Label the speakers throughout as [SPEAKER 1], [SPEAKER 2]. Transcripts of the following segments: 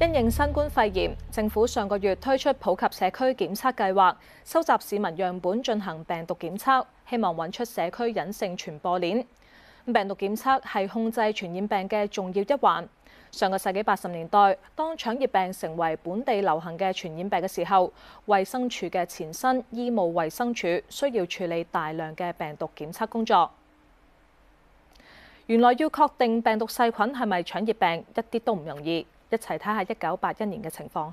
[SPEAKER 1] 因應新冠肺炎，政府上個月推出普及社區檢測計劃，收集市民樣本進行病毒檢測，希望揾出社區隱性傳播鏈。病毒檢測係控制傳染病嘅重要一環。上個世紀八十年代，當腸熱病成為本地流行嘅傳染病嘅時候，衛生署嘅前身醫務衛生署需要處理大量嘅病毒檢測工作。原來要確定病毒細菌係咪腸熱病，一啲都唔容易。一齊睇下一九八一年嘅情況。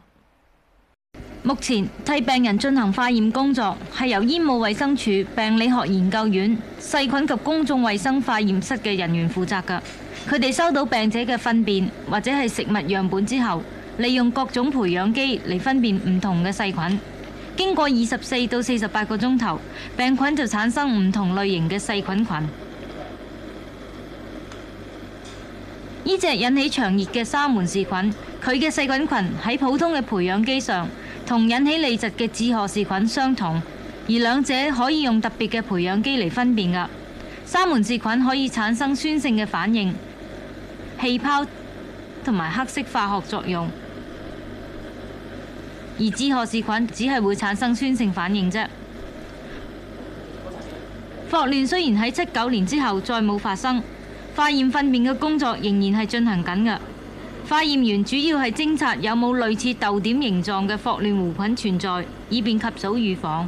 [SPEAKER 2] 目前替病人進行化驗工作係由醫務衞生署病理學研究院細菌及公眾衛生化驗室嘅人員負責㗎。佢哋收到病者嘅糞便或者係食物樣本之後，利用各種培養基嚟分辨唔同嘅細菌。經過二十四到四十八個鐘頭，病菌就產生唔同類型嘅細菌群。呢隻引起腸熱嘅沙門氏菌，佢嘅細菌群喺普通嘅培養基上同引起痢疾嘅志賀氏菌相同，而兩者可以用特別嘅培養基嚟分辨噶。沙門氏菌可以產生酸性嘅反應、氣泡同埋黑色化學作用，而志賀氏菌只係會產生酸性反應啫。霍亂雖然喺七九年之後再冇發生。化驗糞便嘅工作仍然係進行緊嘅。化驗員主要係偵察有冇類似豆點形狀嘅霍亂弧菌存在，以便及早預防。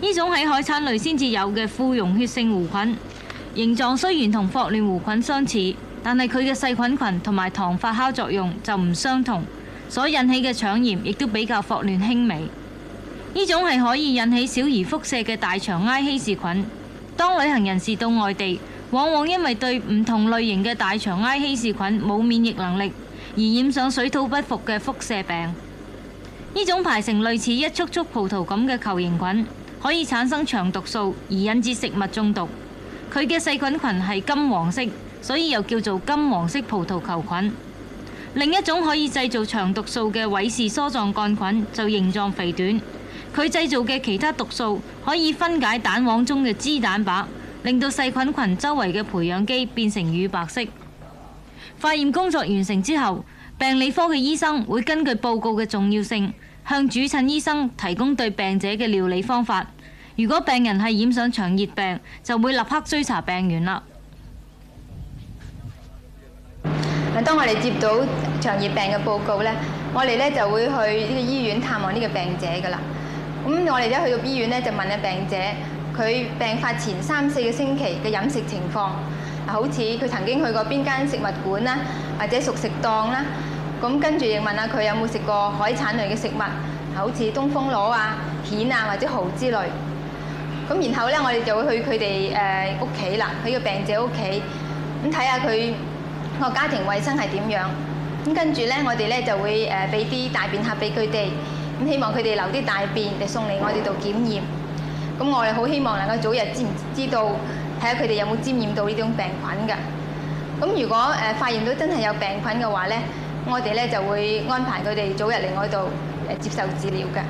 [SPEAKER 2] 呢種喺海產類先至有嘅副溶血性弧菌，形狀雖然同霍亂弧菌相似，但係佢嘅細菌群同埋糖發酵作用就唔相同，所引起嘅腸炎亦都比較霍亂輕微。呢種係可以引起小兒腹瀉嘅大腸埃希氏菌。當旅行人士到外地，往往因為對唔同類型嘅大腸埃希氏菌冇免疫能力，而染上水土不服嘅腹瀉病。呢種排成類似一簇簇葡萄咁嘅球形菌，可以產生腸毒素，而引致食物中毒。佢嘅細菌群係金黃色，所以又叫做金黃色葡萄球菌。另一種可以製造腸毒素嘅韋氏梭狀桿菌，就形狀肥短。佢製造嘅其他毒素可以分解蛋黃中嘅脂蛋白。令到細菌群周圍嘅培養基變成乳白色。化驗工作完成之後，病理科嘅醫生會根據報告嘅重要性，向主診醫生提供對病者嘅料理方法。如果病人係染上腸熱病，就會立刻追查病源啦。
[SPEAKER 3] 嗱，當我哋接到腸熱病嘅報告呢，我哋呢就會去呢個醫院探望呢個病者噶啦。咁我哋一去到醫院呢，就問下病者，佢病發前三四個星期嘅飲食情況，啊，好似佢曾經去過邊間食物館啦，或者熟食檔啦，咁跟住亦問下佢有冇食過海產類嘅食物，啊，好似東風螺啊、蜆啊或者蠔之類。咁然後咧，我哋就會去佢哋誒屋企啦，去個病者屋企咁睇下佢個家庭衞生係點樣。咁跟住咧，我哋咧就會誒俾啲大便盒俾佢哋，咁希望佢哋留啲大便嚟送嚟我哋度檢驗。咁我哋好希望能夠早日知唔知道，睇下佢哋有冇沾染到呢種病菌嘅。咁如果誒發現到真係有病菌嘅話咧，我哋咧就會安排佢哋早日嚟我度接受治療嘅。